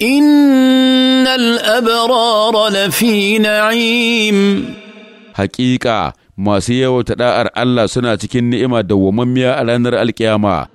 Innal abrara lafi na'im. Hakika masu yawata ɗa'ar Allah suna cikin ni'ima da wumammiya a ranar alkiyama.